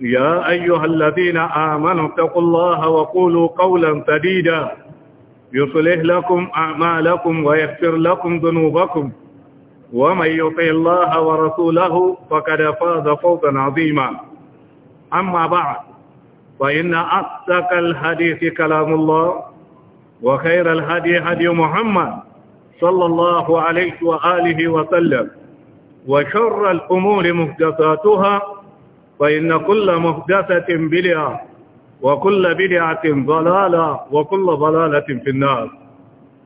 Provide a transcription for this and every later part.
يا أيها الذين آمنوا اتقوا الله وقولوا قولا سديدا يصلح لكم أعمالكم ويغفر لكم ذنوبكم ومن يطع الله ورسوله فقد فاز فوزا عظيما أما بعد فإن أصدق الحديث كلام الله وخير الهدي هدي محمد صلى الله عليه وآله وسلم وشر الأمور مهدساتها فإن كل مهدثة بلعة وكل بلعة ضلالة وكل ضلالة في النار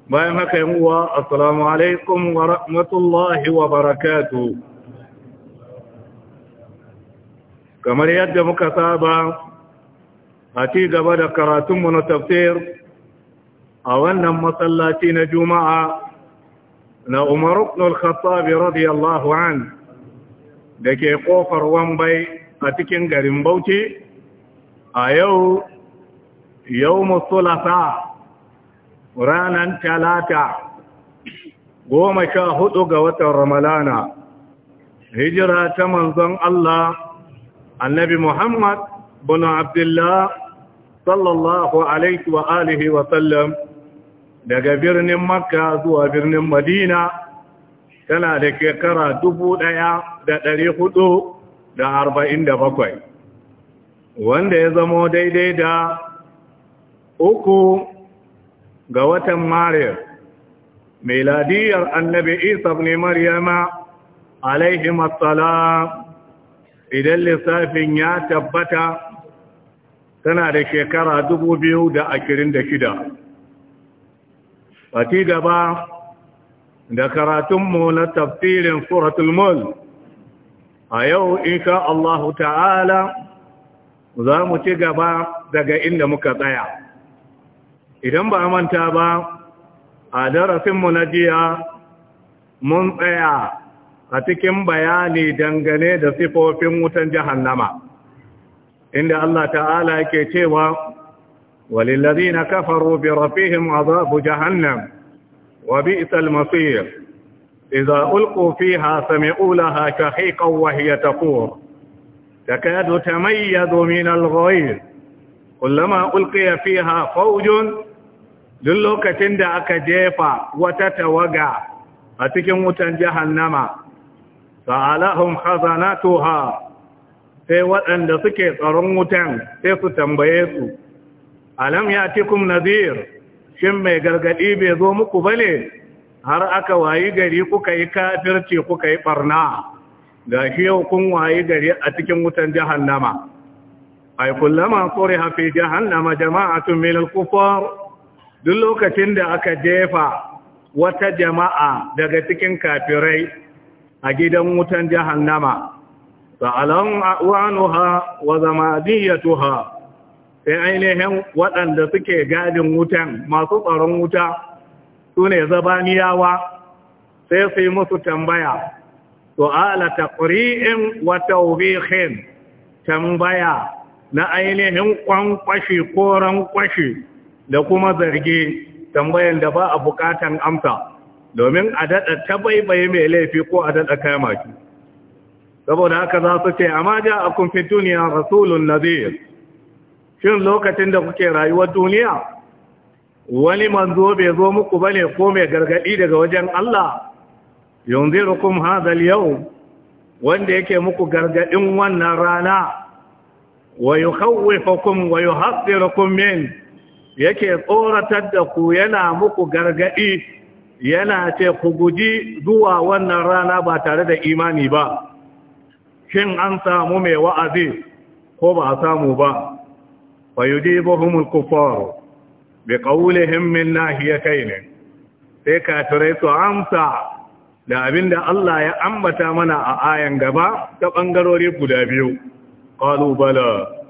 ما يمكن هو السلام عليكم ورحمة الله وبركاته كما يد مكتابة أتي قبل كراتم من التفسير أو أولنا مصلاتين جمعة نأمر ابن الخطاب رضي الله عنه لكي قوفر وانبي a cikin garin Bauchi a yau yau musulasa ranar talata goma sha hudu ga watan ramalana hijira ta manzon Allah annabi Muhammad bin Abdullah sallallahu alaihi wa alihi wa sallam daga birnin Makka zuwa birnin Madina tana da shekara dubu ɗaya da ɗari hudu da arba'in da bakwai wanda ya zamo daidai da uku ga watan maris miladiyar annabi isa ne maryama alaihi matsala idan lissafin ya tabbata tana da shekara dubu biyu da ashirin da shida a ba gaba da karatunmu na tafsirin suratul mulk a yau insha Allah ta'ala za mu ci gaba daga inda muka tsaya idan ba manta ba a darasinmu na jiya mun tsaya a cikin bayani dangane da sifofin wutan jahannama inda Allah ta'ala yake cewa walillazina kafaru bi rafihim azabu jahannam wa bi'sal masir إذا ألقوا فيها سمعوا لها شحيقا وهي تقور تكاد تميز من الغير كلما ألقي فيها فوج للوكة تند أكجيفا وتتوقع أتكمت جهنم سألهم خزناتها في وأن suke tsaron wutan sai ألم يأتكم نذير شمي ya tikun nazir shin har aka wayi gari kuka yi kafirci kuka yi barna ga shi yau kun wayi gari a cikin wutan jahannama ai kullama quriha fi jahannama jama'atun min al-kufar duk lokacin da aka jefa wata jama'a daga cikin kafirai a gidan wutan jahannama alam a'wanuha wa zamadiyatuha sai ainihin waɗanda suke gadin wutan masu tsaron wuta su ne zabaniyawa sai su yi musu tambaya su'ala taqri'in wa tawbihin tambaya na ainihin ƙwanƙwashe ko rankwashi da kuma zargi tambayan da ba a buƙatan amsa domin a daɗa tabaibaye mai laifi ko a daɗa kama saboda haka za su ce amma ja a kumfi duniya rasulun nazir shin lokacin da kuke rayuwar duniya wani manzo bai zo muku ba ne ko mai gargaɗi daga wajen Allah Yanzu rukun hadal yau, wanda yake muku gargadin wannan rana wa yukhawwifukum wa rukun min yake tsoratar da ku yana muku gargaɗi? yana ce ku guji zuwa wannan rana ba tare da imani ba shin an samu mai wa'azi ko ba a samu ba fa yudibuhumul kuffar Bai ƙauye himmin nahi kai ne, sai kafin a su amsa da abin da Allah ya ambata mana a ayan gaba ta bangarori guda biyu. Ƙwalubala.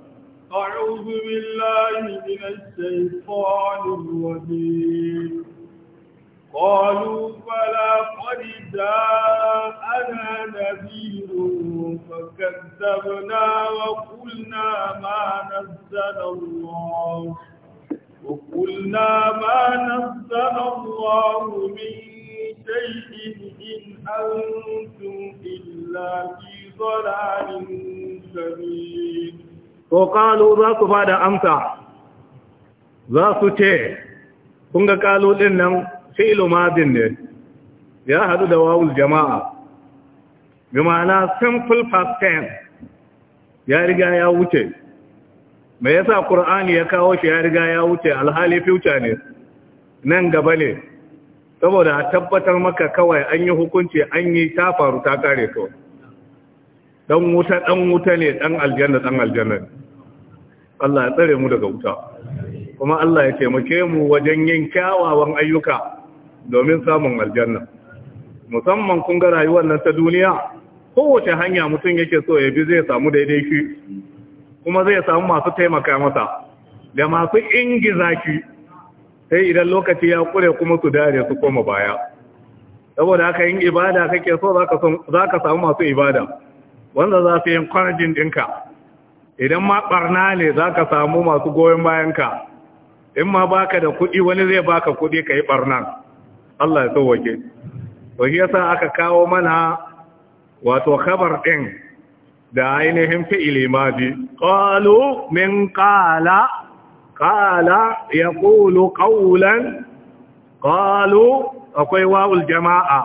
Al'ummila shi ne sai faɗuwa ne, ƙwalubala fadita ana da biyu, ƙasar nawa kunna ma'anar salonwa? وقلنا ما نزل الله من شيء إن أنتم إلا في ضلال سبيل وقالوا ذاك فادا أمسا ذاك تي كنت قالوا لنا فعلوا ما ya يا da دواو الجماعة بمعنى simple past tense ya riga ya wuce me yasa Kur'ani ya kawo shi ya riga ya wuce alhali future ne nan gaba ne saboda a tabbatar maka kawai an yi hukunci an yi ta faru ta kare to dan wuta dan wuta ne dan aljanna dan aljanna Allah ya tsare mu daga wuta kuma Allah ya taimake mu wajen yin kyawawan ayyuka domin samun aljanna musamman kun ga rayuwar nan ta duniya kowace hanya mutum yake so ya bi zai samu daidai shi kuma zai samu masu taimaka masa da masu ingiza ki sai idan lokaci ya kure kuma su dare su koma baya saboda haka yin ibada kake so za ka samu masu ibada wanda za su yin kwanajin dinka, idan ma ɓarna ne za ka samu masu goyon bayanka in ma baka da kuɗi wani zai baka kuɗi ka yi ɓarna Allah ya sauwake to yasa aka kawo mana wato kabar ɗin da ainihin fi'ili mafi ƙalu min ƙala ƙala ya ƙulu ƙaulan ƙalu akwai wawul jama'a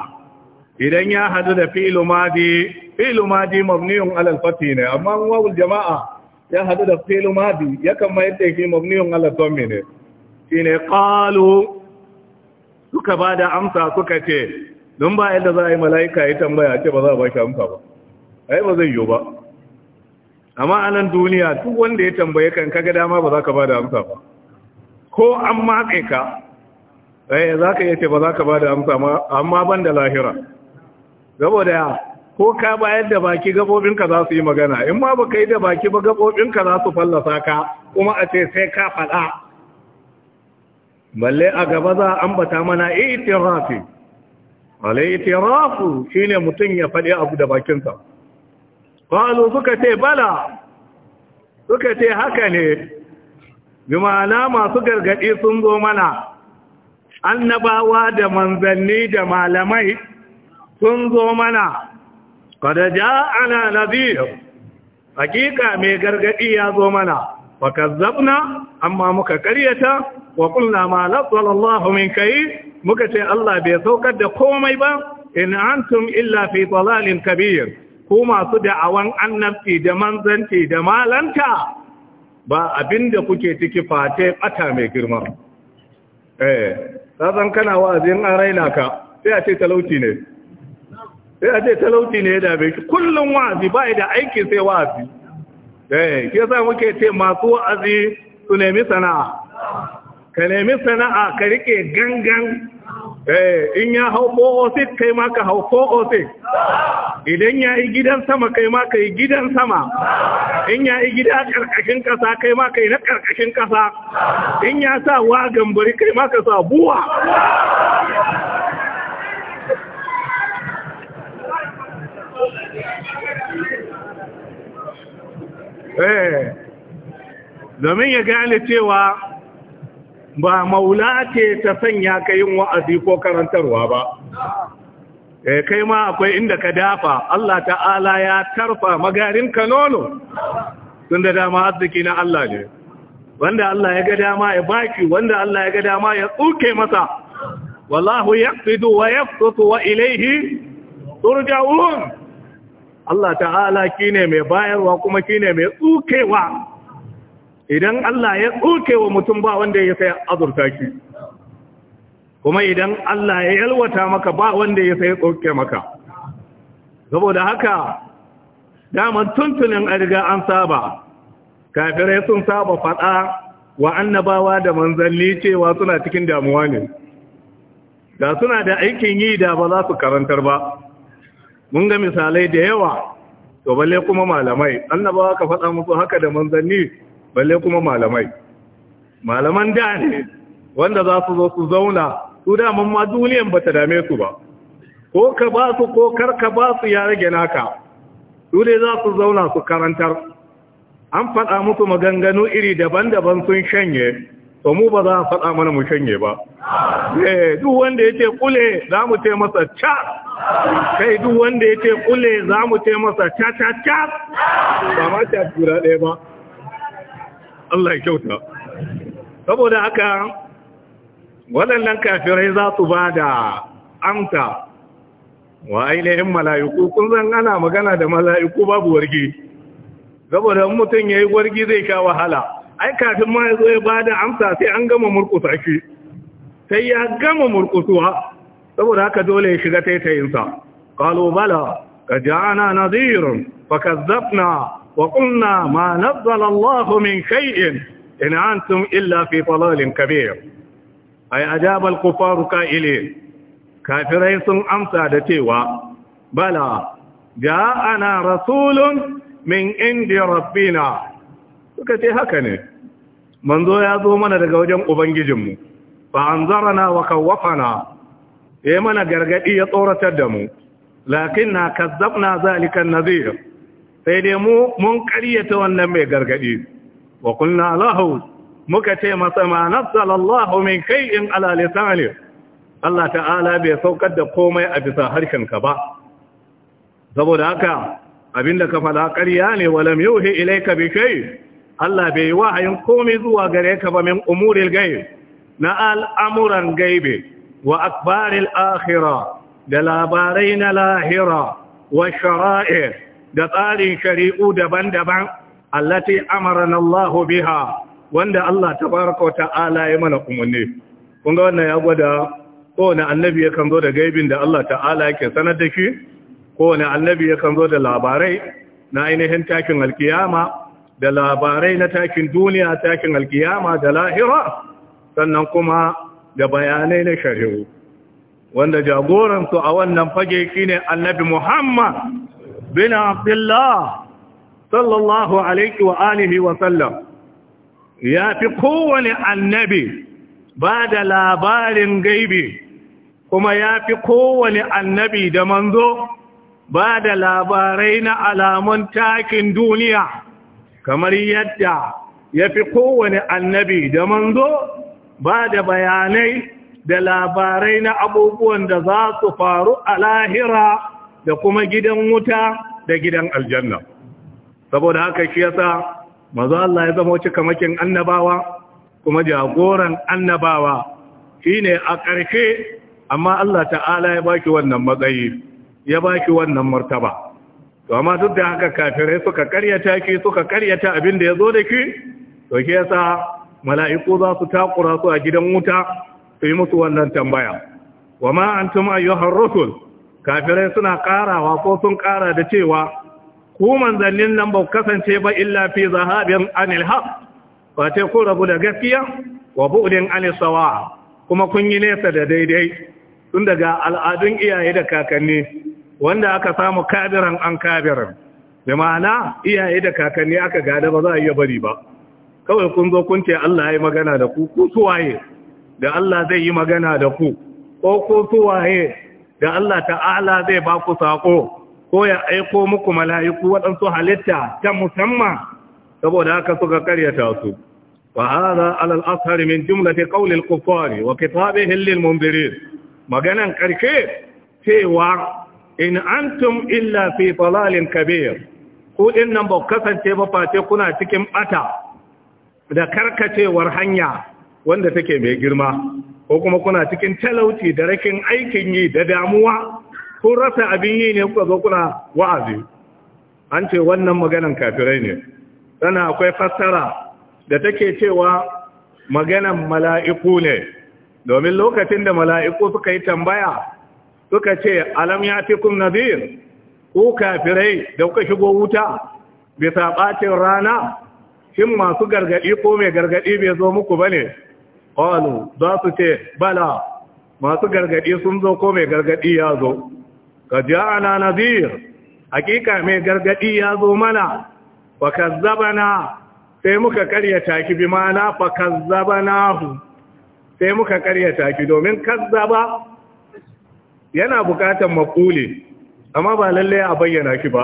idan ya hadu da fi'ilu mafi fi'ilu mafi mabniyun alalfati ne amma wawul jama'a ya hadu da fi'ilu mafi yakan mai yadda shi mabniyun alalfami ne shi ne ƙalu suka ba da amsa suka ce don ba yadda za a yi mala'ika ya tambaya ce ba za a ba shi amsa ba ai ba zai yiwu ba amma a nan duniya duk wanda ya tambaye kan kaga dama ba za ka ba da amsa ba ko an matse ka ai eh, za ka yace ba za ka ba da amsa ma amma ban da lahira saboda ko ka bayar da baki gabobinka za su yi magana in ma baka yi da baki ba gabobinka za su fallasa ka kuma a ce sai ka faɗa balle a gaba za a ambata mana itirafi alai itirafu shine mutum ya faɗi abu da bakinsa ƙwalo suka ce bala suka ce haka ne bi masu gargaɗi sun zo mana annabawa da manzanni da malamai sun zo mana kada ja ana nabiyo hakika mai gargaɗi ya zo mana wa kazzabna amma muka karyata wa kulna ma latsalallahu min kai muka ce Allah bai saukar da komai ba in antum illa fi dalalin kabir ko masu da'awan annabci da manzanci da malanta ba abinda kuke ciki fate bata mai girma eh san kana wa'azin an raina ka sai a ce talauci ne sai a ce talauci ne da bai kullum wa'azi ba da aiki sai wa'azi eh ke sa muke ce masu wa'azi su nemi sana'a ka nemi sana'a ka rike gangan Eh, in ya hau 406 kai ma ka hau 406 idan ya yi gidan sama kai ma ka yi gidan sama in ya yi gida ƙarƙashin ƙasa, kai ma ka yi na ƙarƙashin ƙasa. in ya sa wa gambari kai ma ka sa buwa eh domin ya gane cewa ba maula ce ta sanya ka yin wa'azi ko karantarwa ba eh kai ma akwai inda ka dafa Allah ta'ala ya tarfa magarin kanono. sun da dama arziki na Allah ne wanda Allah ya ga dama ya baki wanda Allah ya ga dama ya tsuke masa wallahu fito wa fito wa ilaihi, turja'un Allah ta'ala kine mai bayarwa kuma kine mai tsukewa idan Allah ya tsoke wa mutum ba wanda ya sai azurta shi kuma idan Allah ya yalwata maka ba wanda ya sai tsoke maka saboda haka damar tuntunin a riga an saba kafirai sun saba faɗa wa annabawa da manzanni cewa suna cikin damuwa ne da suna da aikin yi da ba za su karantar ba mun ga misalai da yawa to balle kuma malamai annabawa ka faɗa musu haka da manzanni balle kuma malamai malaman da ne wanda za su zo su zauna su daman ma duniyan ba ta dame su ba ko ka ba su ko kar ka ba su ya rage naka su dai za su zauna su karantar an faɗa musu maganganu iri daban-daban sun shanye to mu ba za a faɗa mana mu shanye ba eh duk wanda ya ce kule za mu ce masa ca kai duk wanda ya ce kule za mu ce masa ca ca ca ba ma ta jura ɗaya ba Allah ya kyauta saboda haka waɗannan kafirai za su ba da amsa wa ainihin mala'iku kun zan ana magana da mala'iku babu wargi saboda mutum ya yi wargi zai sha wahala ai kafin ma ya zo ya ba da amsa sai an gama murkusa shi sai ya gama murkusuwa saboda haka dole ya shiga taitayinsa kalubala bala ka ji ana nazirin fa وقلنا ما نزل الله من شيء إن أنتم إلا في ضلال كبير أي أجاب الكفار قائلين كافرين سن أمسى دتيوا بلى جاءنا رسول من عند ربنا سكتي هكذا منذ يازو من رجوجم أبنججم فأنظرنا وخوفنا يمن قرقئي طورة الدم لكننا كذبنا ذلك النذير sai dai mu mun ƙaryata wannan mai gargadi wa kunna lahu muka ce masa ma nazzalallahu min kai'in ala lisani Allah ta'ala bai saukar da komai a bisa harshen ka ba saboda haka abinda ka faɗa ƙarya ne walam yuhi ilayka bi shay Allah bai yi wahayin komai zuwa gare ka ba min umuril ghaib na al'amuran gaibe wa akbaril akhirah da labarai na lahira wa shara'i da tsarin shari'u daban-daban allati amarana Allah biha wanda Allah tabaraka ta'ala ya mana umarni kun ga wannan ya gwada kowane annabi yakan zo da gaibin da Allah ta'ala yake sanar da shi kowane annabi yakan zo da labarai na ainihin takin alkiyama da labarai na takin duniya takin alkiyama da lahira sannan kuma da bayanai na shari'u wanda jagoransu a wannan fage shine annabi Muhammad بن عبد الله صلى الله عليه وآله وسلم يا في قوة النبي بعد لابار غيبي كما يا في قوة النبي دمنذو بعد لابارين على منتاك دنيا كما يدع ya fi kowane annabi da manzo ba da bayanai da labarai na abubuwan da za su faru a lahira da kuma gidan wuta da gidan aljanna saboda haka shi yasa manzo Allah ya zama kamakin annabawa kuma jagoran annabawa shine a ƙarshe amma Allah ta'ala ya baki wannan matsayi ya baki wannan martaba to amma duk da haka kafirai suka karyata ki suka karyata abin da yazo da ki to ke yasa mala'iku za su takura su a gidan wuta su yi musu wannan tambaya wa ma antum ayyuhar rusul kafirai suna ƙarawa ko sun kara da cewa ku manzannin nan ba kasance ba illa fi zahabin anil haq ba ce ku rabu da gaskiya wa bu'din anil sawa kuma kun yi nesa da daidai tun daga al'adun iyaye da kakanni wanda aka samu kabiran an kabiran da ma'ana iyaye da kakanni aka gada ba za a iya bari ba kawai kun zo kun ce Allah ya magana da ku ku suwaye da Allah zai yi magana da ku ko ku suwaye da Allah ta'ala zai ba ku saƙo ko ya aiko muku mala'iku waɗansu halitta ta musamman saboda haka suka karyata su wa hadha alal ashar min jumlati qawli al-kuffar wa kitabihim lil munzirin maganan karke cewa in antum illa fi dalalin kabir ku din nan ba kasance ba face kuna cikin bata da karkacewar hanya wanda take mai girma ko kuma kuna cikin talauci da rakin aikin yi da damuwa ko rasa abin yi ne kuka zo kuna wa'azi an ce wannan maganan kafirai ne sana akwai fassara da take cewa maganan mala'iku ne domin lokacin da mala'iku suka yi tambaya suka ce alam ya fi kun nazir ko kafirai da kuka shigo wuta bisa ɓacin rana shin masu gargaɗi ko mai gargaɗi bai zo muku ba ƙwano za su ce bala masu gargaɗi sun zo ko mai gargaɗi ya zo ka ji na nadhir hakika mai gargaɗi ya zo mana fa kazzabana sai muka karyata ki bi mana fa hu sai muka karyata ki domin kazzaba yana bukatar maquli amma ba lalle a bayyana ki ba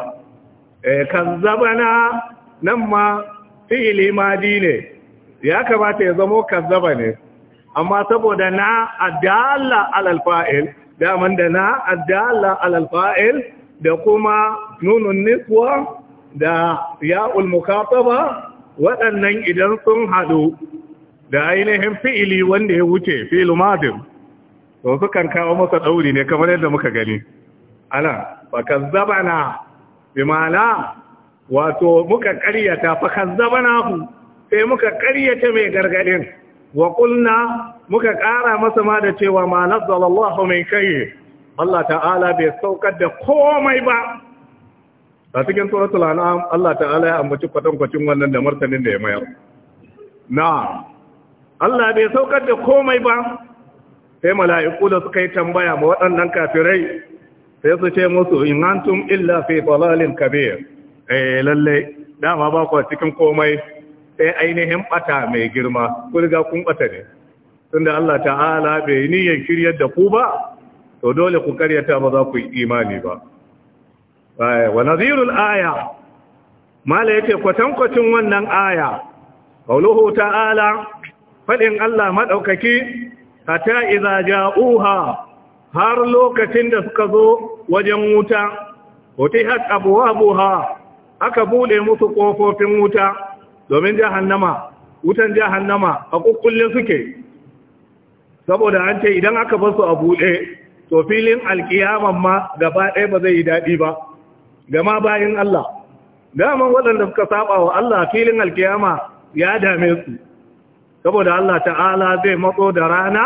eh kazzabana nan ma fi ilimadi ne ya kamata ya zamo kazzaba ne amma saboda na adalla alal fa'il daman da na adalla alal da kuma nunun niswa da ya'ul mukataba waɗannan idan sun haɗu da ainihin fi'ili wanda ya wuce fi'ilu madin to kan kawo masa ɗauri ne kamar yadda muka gani ala bi bimala wato muka ƙaryata kazzabana ku sai muka karyata mai gargadin wa kulna muka ƙara masa ma da cewa ma nazzalallahu min kai Allah ta'ala bai saukar da komai ba a cikin suratul an'am Allah ta'ala ya ambaci kwatankwacin wannan da martanin da ya mayar na Allah bai saukar da komai ba sai mala'iku da suka yi tambaya ma waɗannan kafirai sai su ce musu in antum illa fi dalalin kabir eh lalle dama ba ku cikin komai sai ainihin bata mai girma ku riga kun bata ne tunda Allah ta'ala bai niyyar shiryar da ku ba to dole ku karyata ba za ku yi imani ba wa nazirul aya mala yake kwatankwacin wannan aya qauluhu ta'ala fadin Allah madaukaki hatta idza ja'uha har lokacin da suka zo wajen wuta, wata hat abuwa aka buɗe musu ƙofofin wuta, domin jihar jahannama wutan jahannama a kukkullin suke saboda an ce idan aka bar su a buɗe to filin alkiyaman ma gaba ɗaya ba zai yi daɗi ba gama bayan Allah daman waɗanda suka saba wa Allah filin alkiyama ya dame su saboda Allah ta'ala zai matso da rana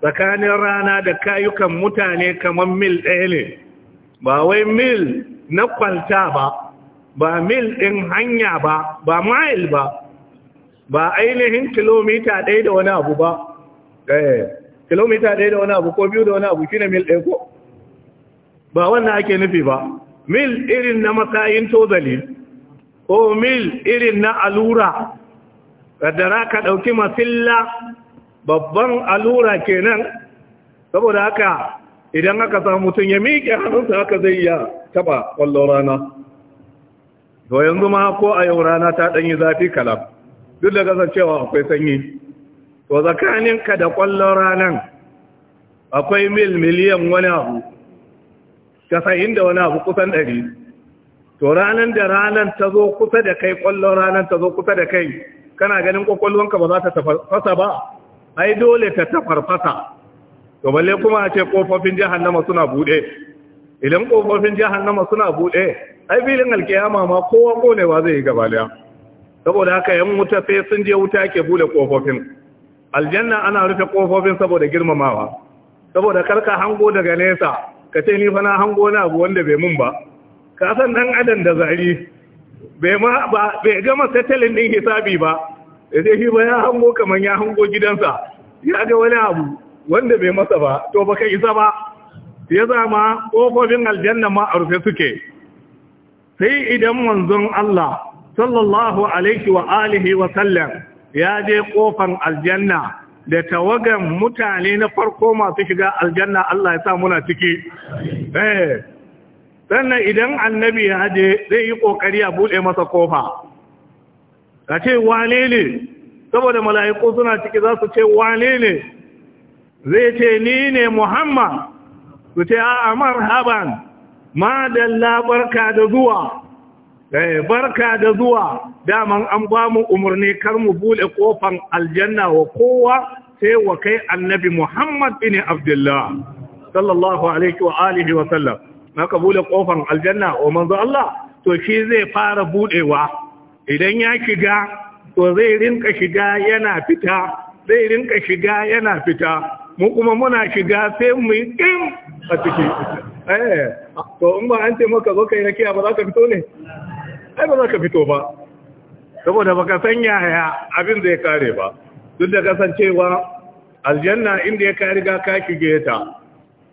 tsakanin rana da kayukan mutane kamar mil ɗaya ne ba wai mil na kwalta ba ba mil ɗin hanya ba ba mile ba ba ainihin kilomita ɗaya da wani abu ba eh, kilomita ɗaya da wani abu ko biyu da wani abu shine mil ɗaya ko ba wannan ake nufi ba mil irin na matsayin tozali ko mil irin na alura kaddara ka ɗauki masilla babban alura kenan saboda haka idan aka samu mutum ya miƙe hannunsa haka zai iya taɓa ƙwallon rana to yanzu ma ko a yau rana ta yi zafi kalam duk da kasancewa akwai sanyi to tsakaninka da ƙwallon ranar akwai mil miliyan wani abu tasa'in da wani abu kusan ɗari to ranar da ranar ta zo kusa da kai ƙwallon ranar ta zo kusa da kai kana ganin ka ba za ta tafarfasa ba ai dole ta tafarfasa to balle kuma a ce ƙofofin jahannama suna buɗe idan ƙofofin jahannama suna buɗe ai filin alkiyama ma kowa konewa zai yi gabaliya saboda haka yan wuta sai sun je wuta ke bude kofofin aljanna ana rufe kofofin saboda girmamawa saboda karka hango daga nesa ka ce ni fa na hango na abu wanda bai mun ba ka san dan adam da zari bai ma ba bai gama tattalin din hisabi ba sai shi ba ya hango kaman ya hango gidansa ya ga wani abu wanda bai masa ba to baka isa ba ya zama kofofin aljanna ma a rufe suke sai idan manzon Allah sallallahu alaihi wa alihi wa sallam ya je kofan aljanna da tawagan mutane na farko masu shiga aljanna Allah ya sa muna ciki eh sannan idan annabi ya je zai yi kokari a bude masa kofa ka ce wane ne saboda mala'iku suna ciki za su ce wane ne zai ce ni ne Muhammad su ce a Amar Haban. ma da barka da zuwa eh barka da zuwa daman an ba mu umarni kar mu bude kofan aljanna wa kowa sai wa kai annabi Muhammad bin Abdullah sallallahu alaihi wa alihi wa sallam ka bude kofan aljanna wa manzo Allah to shi zai fara budewa idan ya shiga to zai rinka shiga yana fita zai rinka shiga yana fita mu kuma muna shiga sai mu yi a cikin eh to in ba an ce maka zo kai rakiya ba za ka fito ne ai ba za ka fito ba saboda baka san yaya abin zai kare ba duk da kasancewa aljanna inda ya kari ga ka kige ta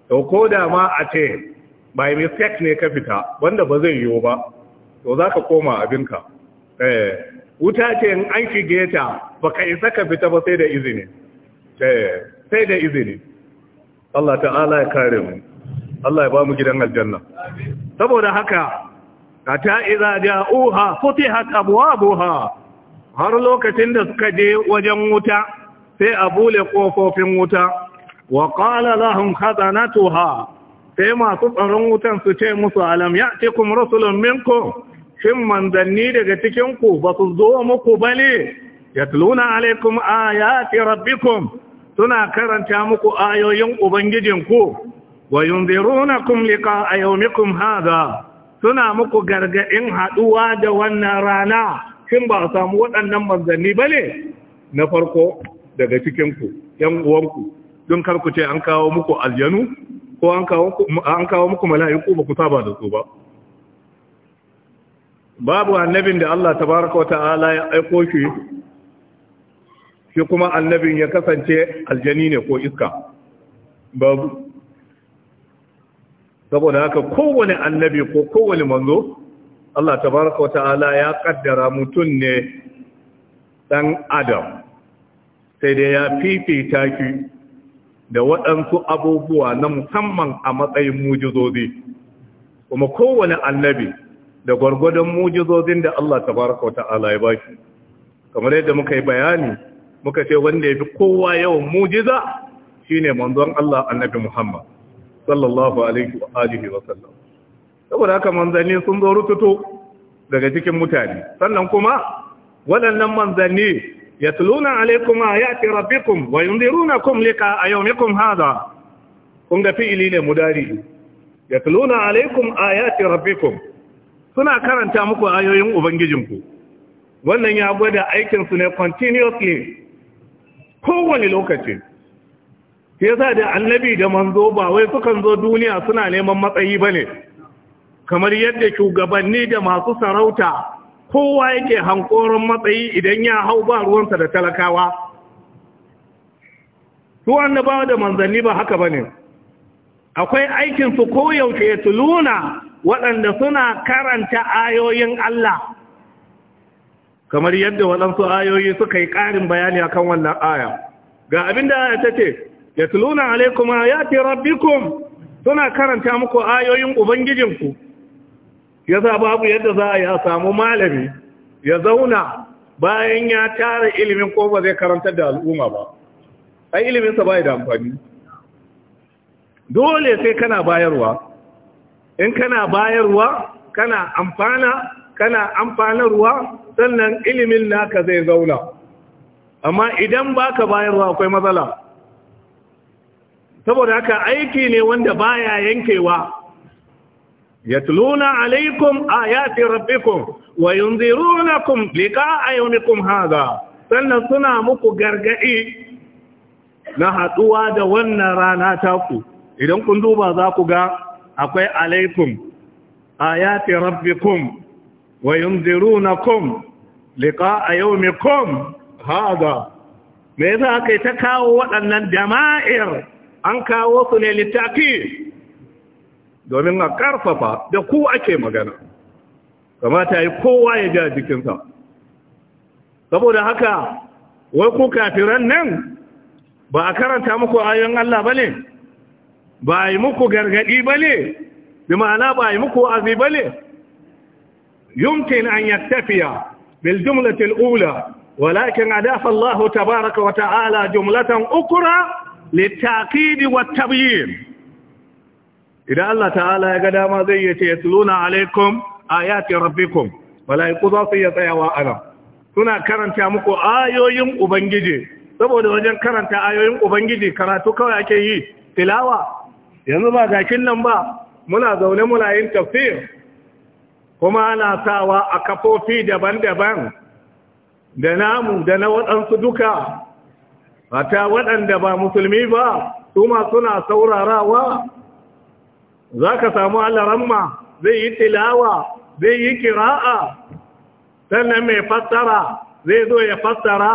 to ko da ma a ce by mistake ne ka fita wanda ba zai yiwu ba to za ka koma abinka eh wuta ce in an kige ta baka isa ka fita ba sai da izini eh sai da izini Allah ta'ala ya kare mu Allah ya ba mu gidan aljanna saboda haka hatta da uha futihat abwabuha har lokacin da suka je wajen wuta sai a bule ƙofofin wuta wa qala lahum khazanatuha sai masu tsaron wutan su ce musu alam kuma rasulun minku. shin manzanni daga cikin ku ba su zo muku Ya tuluna, alaikum ayati rabbikum suna karanta muku ayoyin ubangijinku wa yunzirunakum liqa'a yawmikum hadha suna muku gargadin haduwa da wannan rana kin ba samu waɗannan manzanni bane na farko daga cikin ku yan uwanku don kar ku ce an kawo muku aljanu ko an kawo an kawo muku mala'iku ba ku saba da su ba babu annabin da Allah tabaraka ta'ala ya aiko shi shi kuma annabin ya kasance aljani ne ko iska babu saboda haka kowane annabi ko kowane manzo Allah tabaraka wa ta'ala ya kaddara mutum ne ɗan adam sai dai ya fifita ki da waɗansu abubuwa na musamman a matsayin mujizozi kuma kowane annabi da gwargwadon mujizozin da Allah tabaraka wa ta'ala ya baki kamar yadda muka yi bayani muka ce wanda ya fi kowa yawan mujiza shine manzon Allah annabi Muhammad sallallahu alaihi wa alihi wa sallam saboda haka manzanni sun zo rututu daga cikin mutane sannan kuma waɗannan manzanni yatluna alaikum ayati rabbikum wa yunzirunakum liqa yawmikum hadha kun ga fi'ili ne mudari yatluna alaikum ayati rabbikum suna karanta muku ayoyin ubangijinku wannan ya gwada aikinsu ne continuously kowane lokaci shi yasa da annabi da manzo ba wai sukan zo duniya suna neman matsayi ba ne kamar yadda shugabanni da masu sarauta kowa yake hankoron matsayi idan ya hau ba ruwansa da talakawa su annabawa da manzanni ba haka ba ne akwai aikinsu koyaushe ya tuluna waɗanda suna karanta ayoyin Allah kamar yadda waɗansu ayoyi suka yi ƙarin bayani a kan wannan aya ga abin da ta ce yatluna alaykum ayati rabbikum suna karanta muku ayoyin ubangijinku yasa babu yadda za a samu malami ya zauna bayan ya tara ilimin ko ba zai karanta da al'umma ba ai iliminsa ba da amfani dole sai kana bayarwa in kana bayarwa kana amfana kana amfanarwa sannan ilimin naka zai zauna amma idan baka bayarwa akwai matsala saboda haka aiki ne wanda baya yankewa yatluna alaikum ayati rabbikum wa yunzirunakum liqa'a yawmikum hadha sannan suna muku gargadi na haduwa da wannan rana ta ku idan kun duba za ku ga akwai alaikum ayati rabbikum wa yunzirunakum liqa'a yawmikum hadha me yasa kai ta kawo waɗannan jama'ir an kawo su ne littafi domin a karfafa da ku ake magana kamata yi kowa ya ja jikinsa saboda haka wai ku kafiran nan ba a karanta muku ayoyin Allah ba ne ba a yi muku gargadi ba ne bi ma'ana ba a yi muku azi ba ne Yunkin an tafiya, bil jumlatil ula walakin adafa Allah baraka wa ta'ala jumlatan ukura. litaqidi wat idan Allah ta'ala ya ga dama zai yace yasluna alaikum ayati rabbikum wala za su iya tsayawa a suna karanta muku ayoyin ubangiji saboda wajen karanta ayoyin ubangiji karatu kawai ake yi tilawa yanzu ba gakin nan ba muna zaune muna yin tafsir kuma ana sawa a kafofi daban-daban da namu da na waɗansu duka hata waɗanda ba musulmi ba su ma suna saurarawa za ka samu alaramma zai yi tilawa zai yi kira'a sannan mai fassara zai zo ya fassara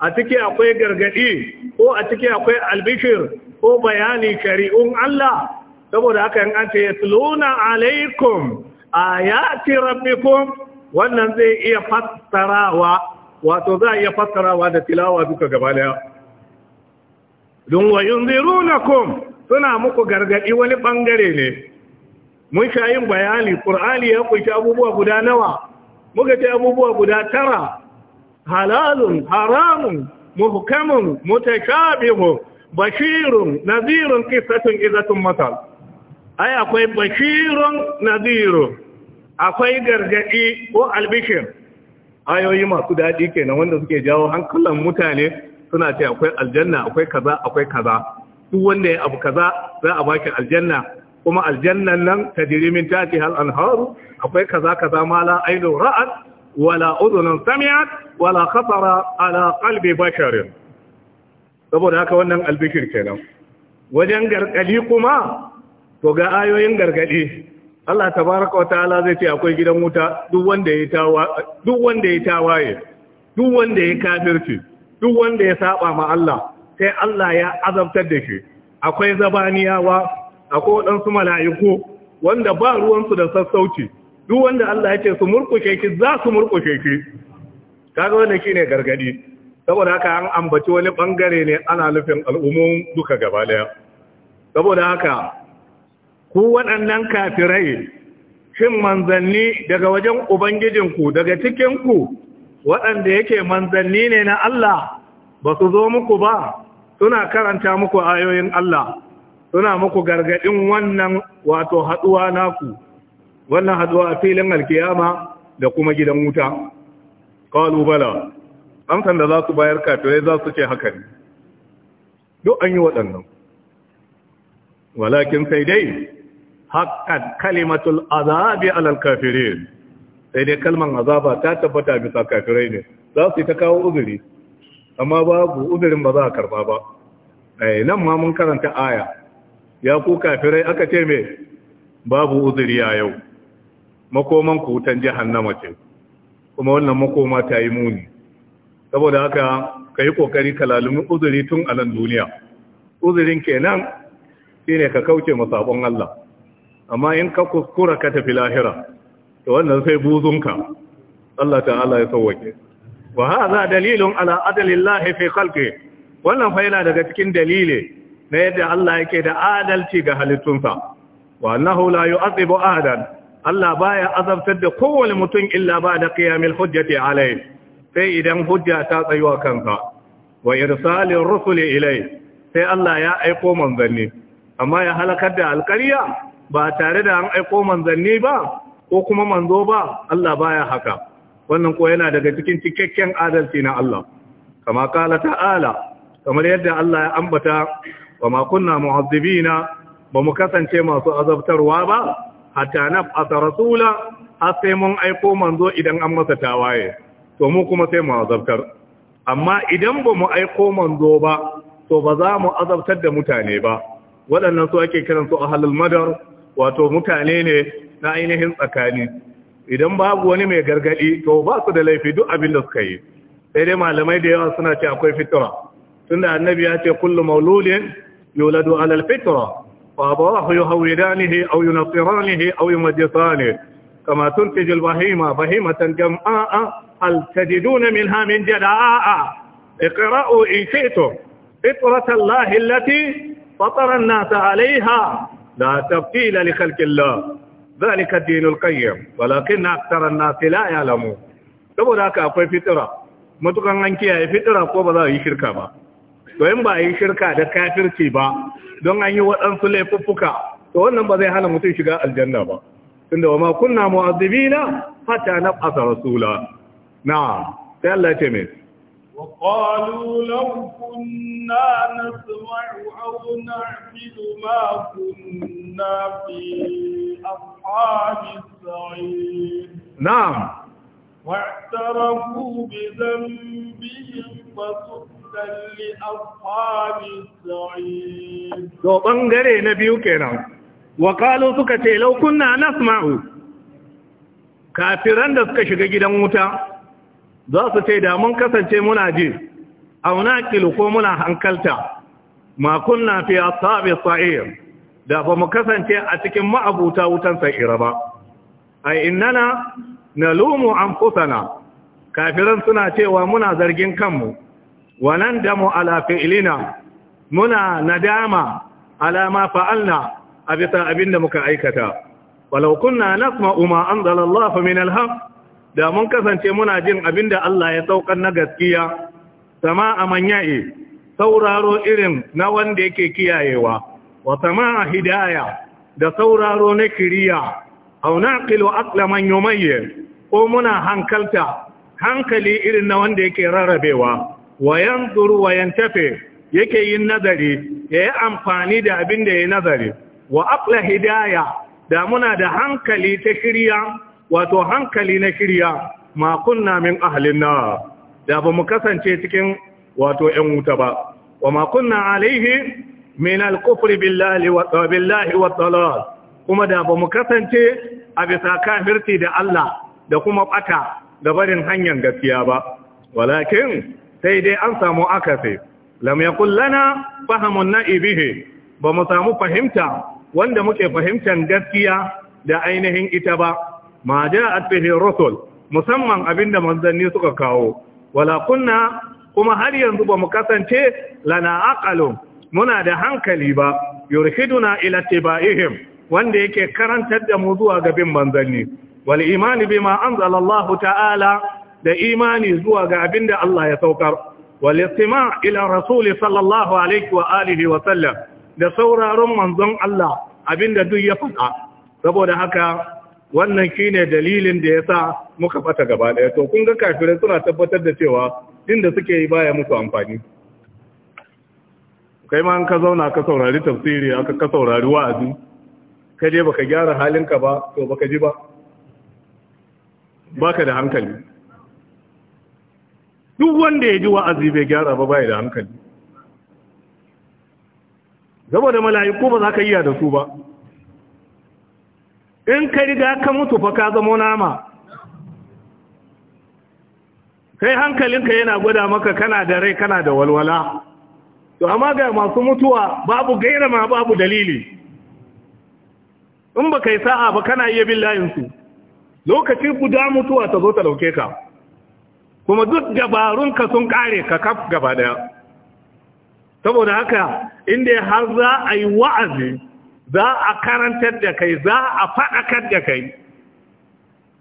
a ciki akwai gargaɗi ko a ciki akwai albishir ko bayani shari'un Allah saboda haka yin an ce ya tsilona alaikum a ya ci rabbikun wannan zai iya fassarawa wato za a iya fassarawa da tilawa duka gabalaya don wa yunzirunakum suna muku gargadi wani ɓangare ne mun sha yin bayani qur'ani ya ƙunshi abubuwa guda nawa muka ce abubuwa guda tara halalun haramun muhkamun mutashabihu bashirun nazirun qissatun izatun matal ai akwai bashirun nazirun, akwai gargadi ko albishir ayoyi masu daɗi kenan wanda suke jawo hankalan mutane suna ce akwai aljanna akwai kaza akwai kaza duk wanda ya abu kaza za a baki aljanna kuma aljannan nan ta tajri min tahtiha al-anhar akwai kaza kaza ma la ainu ra'at wala udhunun sami'at wala khatara ala qalbi bashar saboda haka wannan albikir kenan wajen gargadi kuma to ga ayoyin gargadi Allah tabaraka wa ta'ala zai ce akwai gidan wuta duk wanda ya tawaye duk wanda ya kafirci duk wanda ya saba ma Allah sai Allah ya azabtar da shi akwai zabaniyawa akwai waɗansu mala'iku wanda ba ruwansu da sassauci duk wanda Allah ya ce su murkushe ki za su murkushe ki kaga wannan shine gargadi saboda haka an ambaci wani bangare ne ana nufin al'ummun duka gaba daya saboda haka ku waɗannan kafirai shin manzanni daga wajen ubangijinku daga cikinku waɗanda yake manzanni ne na Allah ba su zo muku ba suna karanta muku ayoyin Allah suna muku gargaɗin wannan wato haɗuwa naku wannan haɗuwa a filin alkiyama da kuma gidan wuta ƙalu bala amsan da za su bayar ya za su ce haka ne duk an yi waɗannan walakin sai dai haƙƙat kalimatul azabi alal kafirin sai dai kalman azaba ta tabbata bisa kafirai ne za su yi ta kawo uzuri amma babu uzurin ba za a karba ba eh, nan ma mun karanta aya ya ku kafirai aka ce me babu uzuri a yau makoman ku wutan na mace. kuma wannan makoma ta yi muni saboda haka ka yi kokari ka uzuri tun a nan duniya uzurin kenan ne ka kauce masabon Allah amma in ka kuskura ka tafi lahira to wannan sai buzunka Allah ta'ala ya sauwake wa hadha dalilun ala adlillahi fi khalqi wannan fa yana daga cikin dalile na yadda Allah yake da adalci ga halittunsa wa annahu la yu'adhibu ahadan Allah baya azabtar da kowane mutum illa ba da qiyamil hujjati alayhi sai idan hujja ta tsayuwa kansa wa irsalir rusuli ilai sai Allah ya aiko manzanni amma ya halakar da alƙarya ba tare da an aiko manzanni ba ko kuma manzo ba Allah baya haka wannan ko yana daga cikin cikakken adalci na Allah kama kala ta'ala kamar yadda Allah ya ambata wa ma kunna mu'azzibina ba mu kasance masu azabtarwa ba hatta nab'atha rasula har sai mun aiko manzo idan an masa tawaye to mu kuma sai mu azabtar amma idan ba mu aiko manzo ba to ba za mu azabtar da mutane ba waɗannan su ake kiran su ahlul madar wato mutane ne na ainihin tsakani idan babu wani mai gargadi to ba su da laifi duk abin da suka yi sai dai malamai da yawa suna ce akwai fitra tunda annabi ya ce kullu mauludin yuladu ala alfitra fa abawahu yuhawidanihi aw yunasiranihi aw yumajjisanihi kama tuntij albahima bahimatan jam'aa hal tajiduna minha min jada'a اقرأوا إن شئتم فطرة الله التي فطر الناس عليها لا تبديل لخلق الله ذلك الدين القيم ولكن أكثر الناس لا يعلمون saboda haka akwai fitira matukan an kiyaye fitira ko ba za a yi shirka ba to in ba a yi shirka da kafirci ba don an yi waɗansu laifuffuka to wannan ba zai hana mutum shiga aljanna ba tunda wa ma kunna mu'azzibina hatta nab'atha rasula na sai Allah ya ce mai Waƙalu laununa na Smirno a wani abu na fili makunan da yake a kwamitin zayin. To, bangare na biyu kenan. Waƙalu suka ce laununa na Smirno. Kafin ran da suka shiga gidan wuta. za su ce da mun kasance muna ji auna kilu ko muna hankalta ma kunna a ashabi sa'ir da ba mu kasance a cikin ma'abuta wutan sa'ira ba na lumu an anfusana kafiran suna cewa muna zargin kanmu wa nan da mu ala muna nadama alama fa'alna a bisa abin da muka aikata walau na nasma'u ma anzala Allah min al da mun kasance muna jin abin da Allah ya sauka na gaskiya sama a manya'i sauraro irin na wanda yake kiyayewa wa sama a hidaya da sauraro na kiriya auna ƙilo akla manyo maye? ko muna hankalta hankali irin na wanda yake rarrabewa wa yanzuru wa tafe yake yin nazari ya yi amfani da abin da ya yi nazari wa akla hidaya da muna da hankali ta shirya wato hankali na shirya ma kunna min ahlin na da ba mu kasance cikin wato ‘yan wuta ba wa ma kunna alaihi min alkufri billahi wa tsalal eh, kuma da ba mu kasance a bisa kafirci da Allah da kuma ɓata da barin hanyar gaskiya ba walakin sai dai an samu akasi lam yakul fahimun na ibihe ba mu samu fahimta wanda muke fahimtar gaskiya da ainihin ita ba ma ja'at bihi rusul musamman abinda manzanni suka kawo wala kunna kuma har yanzu ba mu kasance lana aqalun muna da hankali ba yurhiduna ila tibaihim wanda yake karantar da mu zuwa ga bin manzanni wal imani bima anzala Allah ta'ala da imani zuwa ga abinda Allah ya saukar wal istima' ila rasul sallallahu alaihi wa alihi wa sallam da sauraron manzon Allah abinda duk ya faɗa saboda haka wannan shine dalilin da ya sa muka bata gaba daya to kun ga kafirai suna tabbatar da cewa inda suke yi baya musu amfani kai ma an ka zauna ka saurari tafsiri aka ka saurari wa'azi ka je baka gyara halinka ba to baka ji ba baka da hankali duk wanda ya ji wa'azi bai gyara ba bai da hankali saboda mala'iku ba za ka yi da su ba in ka riga ka mutu fa ka zamo nama kai hankalinka yana gwada maka kana da rai kana da walwala to amma ga masu mutuwa babu gaira ma babu dalili in ba kai sa'a ba kana iya bin layinsu lokaci guda mutuwa ta zo ta dauke ka kuma duk dabarunka sun kare ka kaf gaba daya saboda haka inda har za a yi wa'azi za a karantar da kai za a faɗakar da kai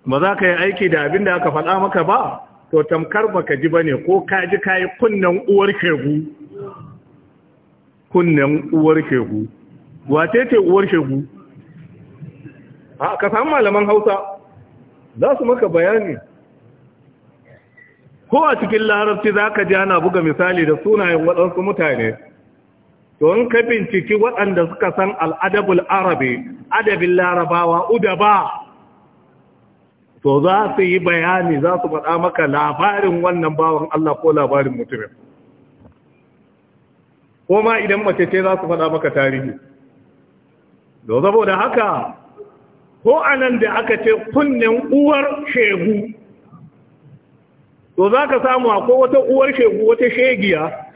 ba za ka yi aiki da abin da aka faɗa maka ba to tamkar baka ji ba ne, ko ka ji yi kunnen uwar shegu Kunnen uwar shegu wace ce uwar shegu a ka samu malaman hausa za su maka bayani ko a cikin larabci za ka ji ana buga misali da sunayen waɗansu mutane to in ka binciki waɗanda suka san al'adabul arabi adabin larabawa ba to za su yi bayani za su faɗa maka labarin wannan bawan Allah ko labarin mutumin ko ma idan mace ce za su faɗa maka tarihi da saboda haka ko anan da aka ce kunnen uwar shegu to za ka samu a ko wata uwar shegu wata shegiya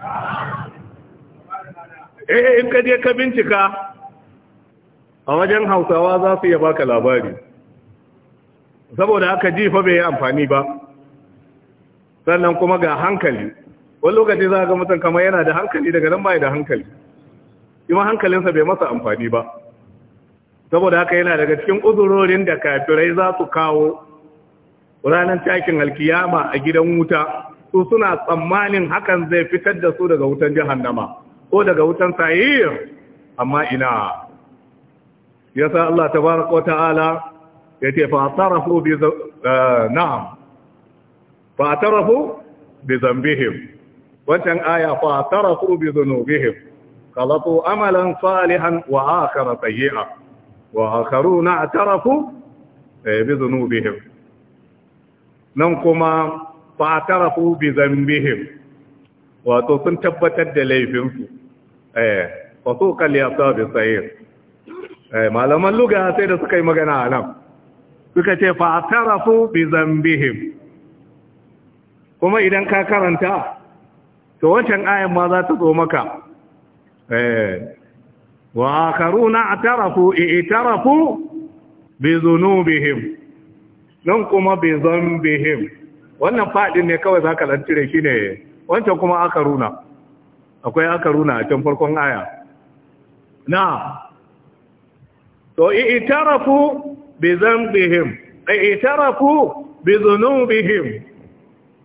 eh in ka je ka bincika a wajen hausawa za su iya baka labari saboda haka jifa bai yi amfani ba sannan kuma ga hankali wani lokaci za ga mutum kama yana da hankali daga nan bai da hankali kuma hankalinsa bai masa amfani ba saboda haka yana daga cikin uzurorin da kafirai za su kawo ranar cakin alkiyama a gidan wuta su suna tsammanin hakan zai fitar da su daga wutan jahannama ko daga wutan sa'ir amma ina Ya sa Allah Ta bar tabaraka wata'ala yace fa atarafu bi eh, na'am fa atarafu bi dhanbihim wancan aya fa atarafu bi dhunubihim qalatu amalan salihan wa akhara sayyi'a wa akharuna atarafu eh, bi dhunubihim nan kuma fa atarafu bi dhanbihim wato sun tabbatar da laifinsu eh fasuqan li ashabi sa'ir eh malaman lugha sai da suka yi magana nan. suka ce fa atarafu bi zambihim kuma idan ka karanta to wancan ayan ma za ta zo maka eh wa akharuna atarafu i'tarafu bi zunubihim nan kuma bi zambihim wannan fadin ne kawai zaka lantire shine wancan kuma akaruna akwai runa a can farkon aya na to i'tarafu bi dhanbihim i'tarafu bi zunubihim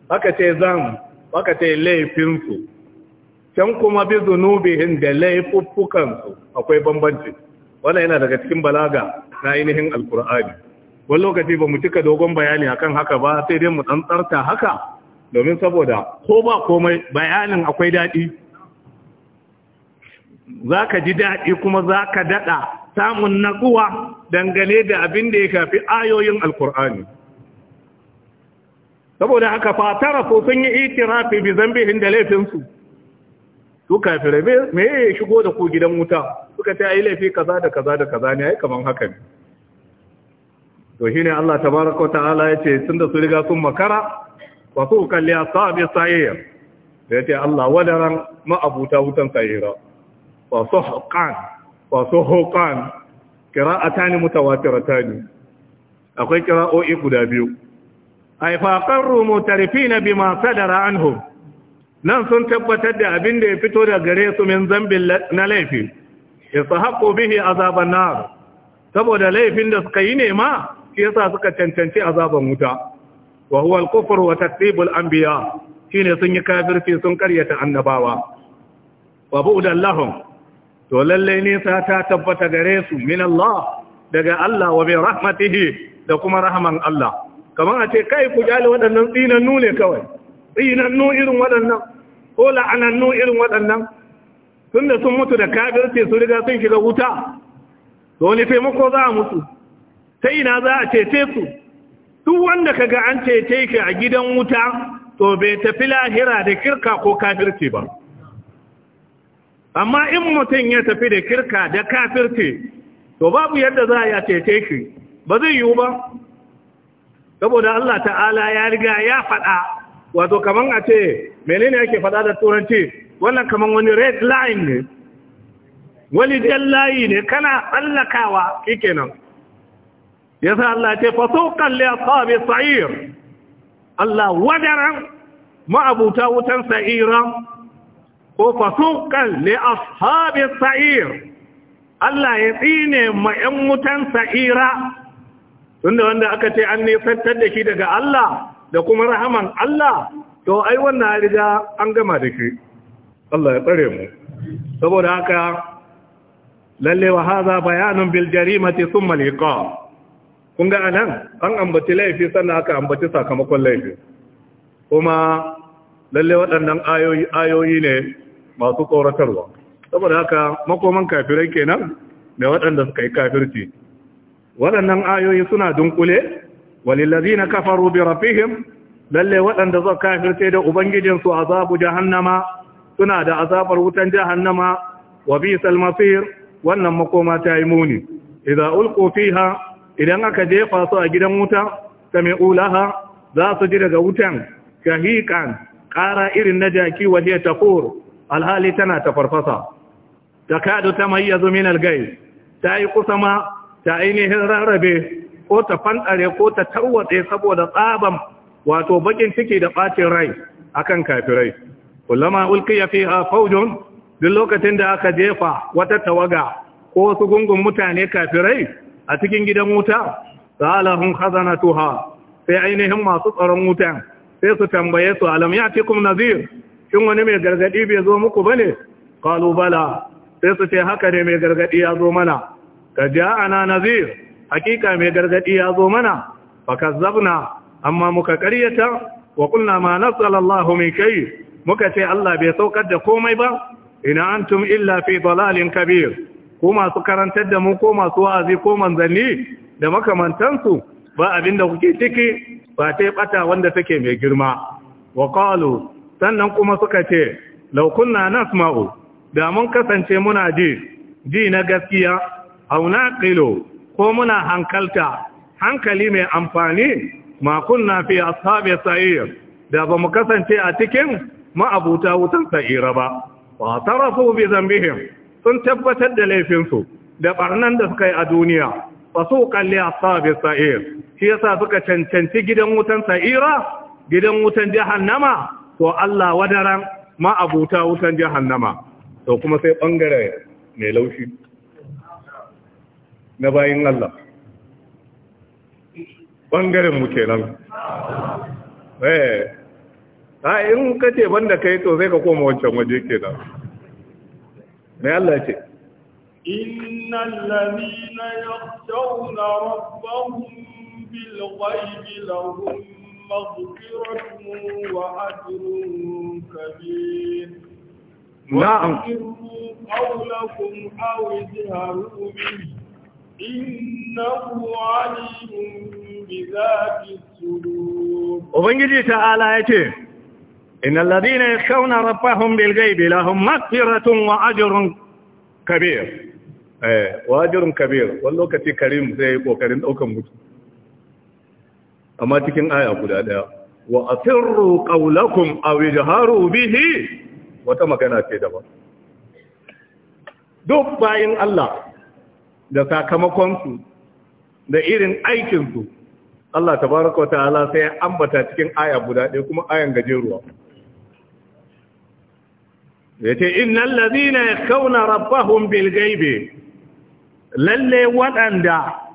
aka ce zan aka ce laifinsu can kuma bi zunubihim da laifuffukansu akwai bambanci wannan yana daga cikin balaga na ainihin alkur'ani wani lokaci ba mu cika dogon bayani akan haka ba sai dai mu tsantsarta haka domin saboda ko ba komai bayanin akwai daɗi za ka ji daɗi kuma za ka daɗa samun natsuwa dangane da abin da ya shafi ayoyin alkur'ani saboda haka fatara ko sun yi itirafi bi zambihin da laifinsu su kafirai me ya shigo da ku gidan wuta suka ta yi laifi kaza da kaza da kaza ne ai kaman haka ne to shine Allah tabaraka ta'ala ya yace tunda su riga sun makara wa su kalli asabi sayyir ce Allah wadaran ma abuta wutan sayyira wa suhqan wa suhqan qira'atani mutawatiratani akwai qira'o'i guda biyu ay na mutarifina bima sadara anhum nan sun tabbatar da abin da ya fito da gare su zambin na laifi ya sahaƙo bihi azaban nar saboda laifin da suka yi nema shi yasa suka cancanci azaban wuta wa huwa al-kufr wa tasdibul anbiya shine sun yi kafirci sun karyata annabawa wa bu'dan to lalle nisa ta tabbata gare su min Allah daga Allah wa bi rahmatihi da kuma rahman Allah kamar a ce kai ku jali waɗannan tsinannu ne kawai tsinannu irin waɗannan ko la'anannu irin waɗannan tun da sun mutu da kafirce su riga sun shiga wuta to wani taimako za a mutu ta ina za a cece su duk wanda kaga an cece shi a gidan wuta to bai tafi lahira da kirka ko kafirci ba amma in mutum ya tafi da kirka da kafirci to babu yadda za a yi a cece shi ba zai yiwu ba saboda Allah ta'ala ya riga ya faɗa wato kaman a ce menene yake faɗa da turanci wannan kamar wani red line ne wani jan layi ne kana tsallakawa kenan yasa Allah ce fasuqan li ashabi sa'ir Allah wadaran ma'abuta wutan sa'ira ko fasukan li ashabi sa'ir Allah ya tsine ma ƴan wutan sa'ira tunda wanda aka ce an nisantar da shi daga Allah da kuma rahaman Allah to ai wannan riga an gama da shi Allah ya tsare mu saboda haka lalle wa hadha bayanun bil jarimati thumma al kun ga anan an ambaci laifi sannan aka ambaci sakamakon laifi kuma lalle waɗannan ayoyi ne masu tsoratarwa saboda haka makoman kafirai kenan da waɗanda suka yi kafirci waɗannan ayoyi suna dunkule walillazi na kafaru bi rafihim lalle waɗanda suka kafirce da ubangijinsu azabu jahannama suna da azabar wutan jahannama wa bisal masir wannan makoma ta yi muni idza ulqu fiha idan aka jefa su a gidan wuta sami'u laha za su ji daga wutan shahikan ƙara irin na jaki wa hiya alhali tana ta farfasa ta kadu ta mayyazu minal gai ta yi kusa ma ta ainihin rarrabe ko ta fanɗare ko ta tarwatse saboda tsaban wato bakin ciki da ɓacin rai akan kafirai kullama ulqiya fiha fawjun duk lokacin da aka jefa wata tawaga ko wasu gungun mutane kafirai a cikin gidan wuta hazana khazanatuha sai ainihin masu tsaron wuta sai su tambaye su alam yatikum nazir shin wani mai gargadi bai zo muku bane qalu bala sai su ce haka ne mai gargadi ya zo mana ka ja'ana nazir hakika mai gargadi ya zo mana fakazzabna amma muka karyata wa qulna ma nasala min kai muka ce Allah bai saukar da komai ba ina antum illa fi dalalin kabir ko masu karantar da mu ko masu wa'azi ko manzanni da makamantansu ba abinda kuke ciki ba ta bata wanda take mai girma wa qalu sannan kuma suka ce laukunna ma'u da mun kasance muna ji ji na gaskiya auna ƙilo ko muna hankalta hankali mai amfani na fi ashabi sa'ir da ba mu kasance a cikin ma'abuta wutan sa'ira ba wa tarafu bi zambihin sun tabbatar da laifinsu da barnan da suka yi a duniya ba su kalli ashabi sa'ir shi yasa suka cancanci gidan wutan sa'ira gidan wutan jahannama to Allah wadaran abuta wutan jahannama to kuma sai bangare mai laushi na bayin Allah bangaren mu kenan eh ta in ka ce banda kai to sai ka koma wancan waje kenan mai Allah ce innal ladina yakhshawna rabbahum bil ghaibi lahum مغفرة وأجر كبير نعم قولكم أو اجهروا به إنه عليم بذات الصدور وبنجي تعالى يتي إن الذين يخشون ربهم بالغيب لهم مغفرة وأجر كبير ايه واجر كبير wani lokaci karim zai yi kokarin daukan mutu amma cikin aya guda daya wa asirru qawlakum aw ijharu bihi wata magana ce ba duk bayin Allah da sakamakon su da irin aikin su Allah tabaraka ta'ala sai ya ambata cikin aya guda ɗaya kuma ayan gajeruwa yace innal ladina yakawna rabbahum bil ghaibi lalle waɗanda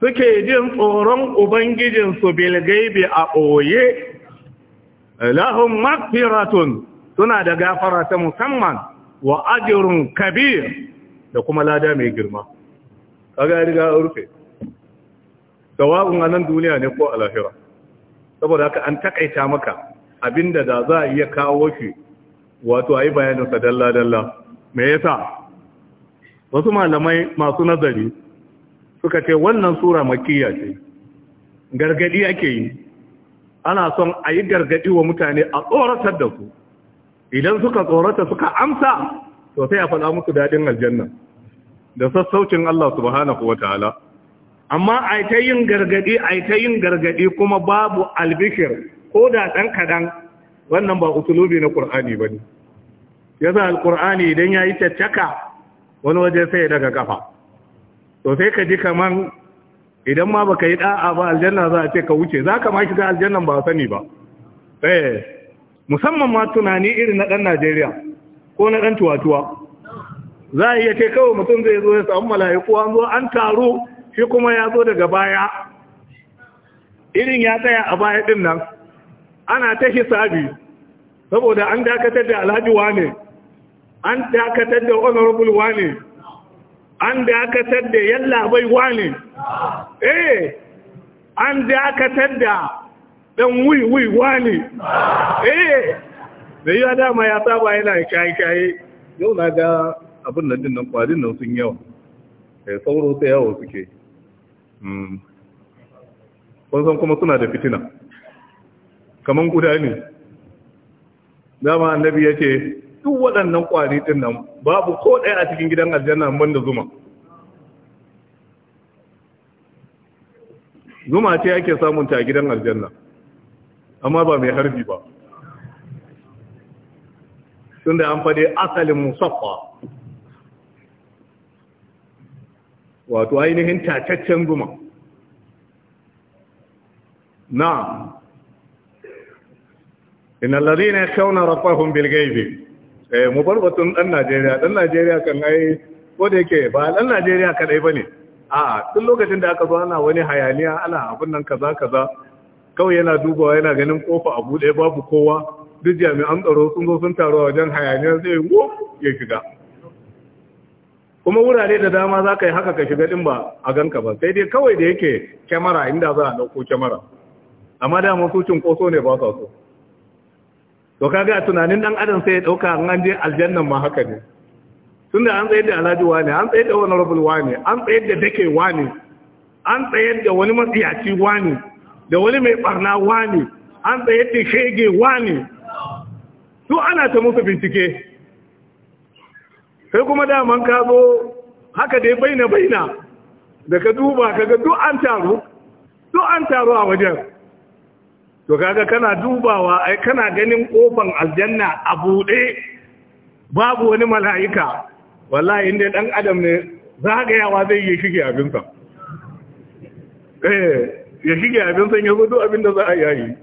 suke jin tsoron ubangijinsu bilgaibi a ɓoye lahun magfiratun suna da gafara ta musamman wa ajirun kabir da kuma lada mai girma kaga riga rufe sawa'un a nan duniya ne ko a saboda haka an takaita maka abinda da za a iya kawo shi wato a yi bayaninsa dalla-dalla me yasa wasu malamai masu nazari suka ce wannan sura makiyya ce gargadi ake yi ana son a yi gargadi wa mutane a tsoratar da su idan suka tsorata suka amsa to sai a faɗa musu daɗin aljanna da sassaucin Allah subhanahu wa ta'ala amma a ta yin gargadi a ta yin gargadi kuma babu albishir ko da ɗan kaɗan wannan ba usulubi na ƙur'ani ba ne ya idan ya yi caccaka wani waje sai daga kafa to sai ka ji kaman idan ma baka yi da'a ba aljanna za a ce ka wuce za ka ma shiga aljannan ba sani ba eh musamman ma tunani irin na dan Najeriya ko na dan tuwatuwa za a iya ce kawai mutum zai zo ya samu mala'iku an zo an taro shi kuma ya zo daga baya irin ya tsaya a baya din nan ana ta hisabi saboda an dakatar da alhaji wane an dakatar da honorable wane an aka da yalla bai wane eh an aka sadda, dan wuiwui wani eh da yi dama ya saba yana kyaye-kyaye yau na ga abin nan dinnan kwadin nan sun yawa sai eh, sauro sai yawa suke hmm. san kuma suna da fitina kaman guda ne dama annabi yake duk waɗannan ƙwari ɗin nan babu ko ɗaya a cikin gidan aljanna ban da zuma zuma ce ake samunta a gidan aljanna amma ba mai harbi ba tunda an faɗe asalin musaffa wato ainihin tataccen zuma na inallari na shauna rafahun bilgaibe E mu bar batun dan Najeriya dan Najeriya kan ai ko da yake ba ɗan Najeriya kadai ne. a'a duk lokacin da aka zo ana wani hayaniya ana abun nan kaza kaza kawai yana dubawa yana ganin kofa abu ɗaya babu kowa duk jami'an tsaro sun zo sun taro wajen hayaniya zai wo ya shiga kuma wurare da dama za ka yi haka ka shiga din ba a ganka ba sai dai kawai da yake kyamara inda za a ɗauko kyamara amma da masu cunkoso ne ba sa so to kaga a tunanin ɗan adam sai ya dauka an an je aljannan ma haka ne tunda an tsayar da alhaji wani an tsayar da honorable wani an tsayar da dake wani an tsayar da wani matsiyaci wani da wani mai barna wani an tsayar da shege wani su ana ta musu bincike sai kuma daman ka zo haka dai baina baina da ka duba ka ga duk an taru duk an taru a wajen to kaga kana dubawa ai kana ganin kofan aljanna a bude babu wani mala'ika wallahi inda dan adam ne zagayawa zai yi shige abinsa eh ya shige abinsa ya gudu da za a yayi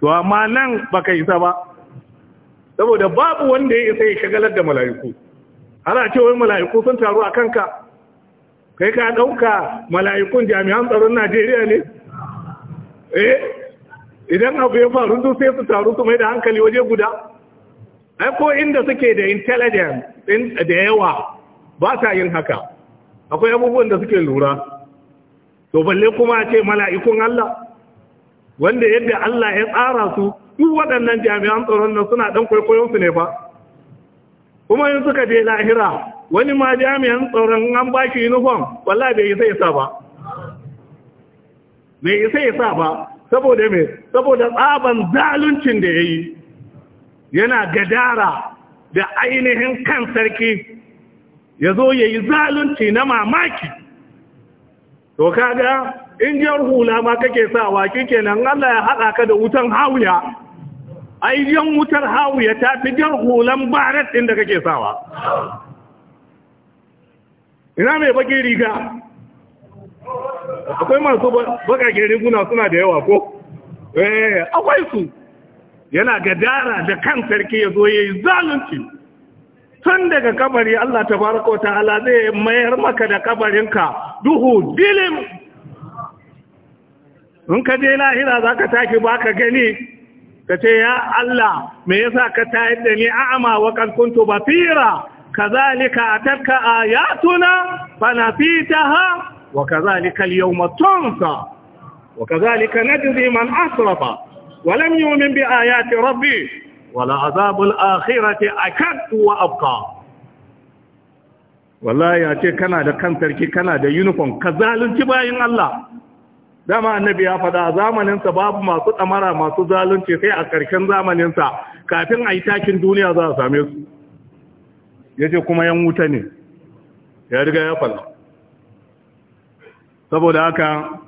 to amma nan baka isa ba saboda babu wanda ya isa ya shagalar da mala'iku ana ce wai mala'iku sun taru a kanka kai ka dauka mala'ikun jami'an tsaron Najeriya ne eh idan abu ya faru duk sai su taru su mai da hankali waje guda ai ko inda suke da intelligence da yawa ba ta yin haka akwai abubuwan da suke lura to balle kuma ce mala'ikun Allah wanda yadda Allah ya tsara su duk waɗannan jami'an tsaron nan suna dan kwaikwayon su ne fa kuma in suka je lahira wani ma jami'an tsaron an ba shi uniform wallahi bai isa ya ba bai isa ba saboda me saboda tsaban zaluncin da ya yi yana gadara da ainihin kan sarki ya zo ya yi zalunci na mamaki to kaga injiyar hula ma kake sawa kenan Allah ya haɗa ka da wutan hauya Ainihin wutar hauya ta fi jar hulan barat ɗin da kake sawa ina mai bakin riga akwai masu bakakin riguna suna da yawa ko eh akwai su yana gadara da kan sarki ya zo ya yi zalunci tun daga kabari Allah ta baraka ta ta'ala zai mayar maka da kabarinka duhu dilim in ka je lahira za ka tafi ba ka gani ka ce ya Allah me yasa ka tayar da ni a'ama wa kalkuntu ba na fi ta ha. وكذلك اليوم تنسى وكذلك نجزي من أسرف ولم يؤمن بآيات ولا عذاب الآخرة أكد وأبقى والله ya ce kana da kan sarki kana da uniform ka zalunci bayin Allah dama annabi ya faɗa sa, babu masu ɗamara masu zalunci sai a ƙarshen sa kafin a yi takin duniya za a same su ya kuma yan wuta ne ya riga ya faɗa saboda haka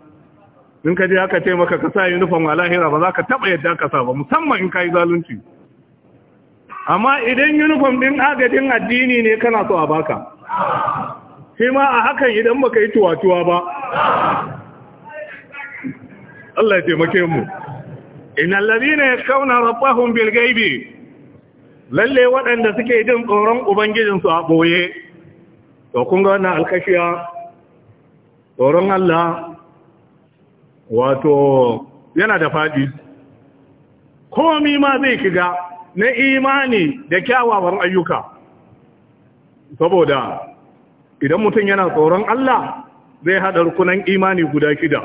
in ka je haka ce maka ka sa uniform a lahira ba za ka taba yadda ka sa ba musamman in ka yi zalunci amma idan uniform ɗin agajin addini ne kana so a baka shi ma a hakan idan baka yi tuwatuwa ba Allah ya taimake mu innal ladina yakawna kauna rabahun bilgaibi lalle waɗanda suke jin tsoron ubangijinsu a ɓoye. to kun ga wannan alkashiya tsoron Allah wato yana da faɗi komi ma zai kiga na imani da kyawawan ayyuka saboda idan mutum yana tsoron Allah zai haɗa rukunan imani guda shida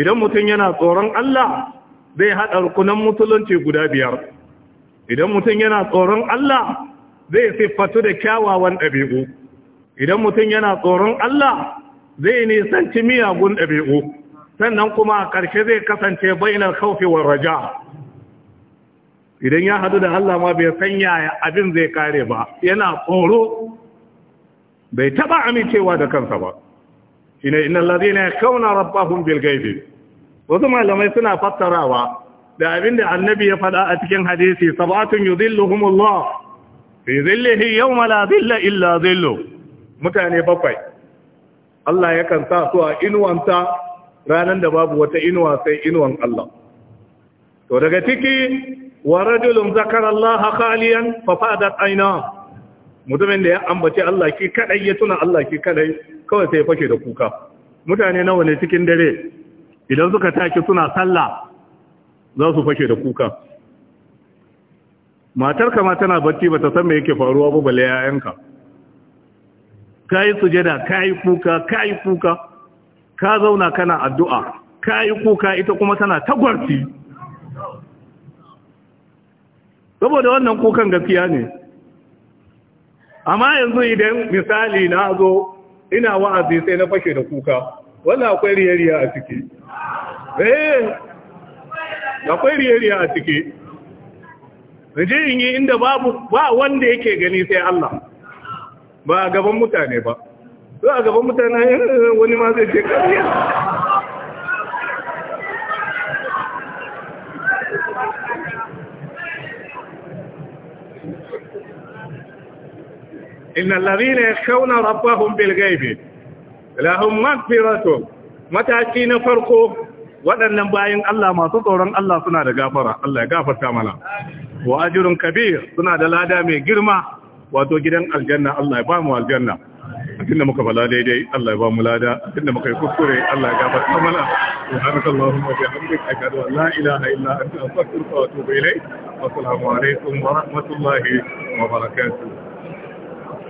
idan mutum yana tsoron Allah zai haɗa rukunan musulunci guda biyar idan mutum yana tsoron Allah zai siffatu da kyawawan ɗabi'u idan mutum yana tsoron Allah zai nisanci miyagun ɗabi'u sannan kuma a ƙarshe zai kasance bainar kaufewar raja idan ya hadu da Allah ma bai sanya abin zai kare ba yana tsoro bai taba amincewa da kansa ba shine innal ladina yakuna rabbahum bil ghaibi wasu malamai suna fassarawa da abin da annabi ya faɗa a cikin hadisi sab'atun yudhilluhumullah fi dhillihi yawma la dhilla illa zillu. mutane bakwai Allah ya kan sa su a inuwanta ranar da babu wata inuwa sai inuwan Allah to daga ciki wa rajulun zakarallaha khaliyan fa fadat aina mutumin da ya ambace Allah ki kadai ya tuna Allah ki kadai kawai sai fashe da kuka mutane nawa ne cikin dare idan suka tashi suna sallah za su fashe da kuka matar kama tana bacci bata san me yake faruwa ba bale yayanka ka yi sujada ka yi kuka ka yi kuka ka zauna kana addu'a ka yi kuka ita kuma tana tagwarti. saboda wannan kukan gaskiya ne amma yanzu idan misali na zo ina wa'azi sai na fashe da kuka wannan akwai riyariya a ciki eh akwai riyariya a ciki je in yi inda babu ba wanda yake gani sai Allah ba a gaban mutane ba ba a gaban mutane wani ma zai ce kariya إن الذين يخشون ربهم بالغيب لهم mataki na farko. waɗannan bayan Allah masu tsoron Allah suna da gafara Allah ya gafarta mana wa ajrun kabir suna da lada mai girma wato gidan aljanna Allah ya ba mu aljanna tunda muka bala daidai Allah ya ba mu lada tunda muka yi kuskure Allah ya gafarta mana subhanallahi wa bihamdihi ashhadu an la ilaha illa anta astaghfiruka wa atubu ilayk assalamu alaikum wa rahmatullahi wa barakatuh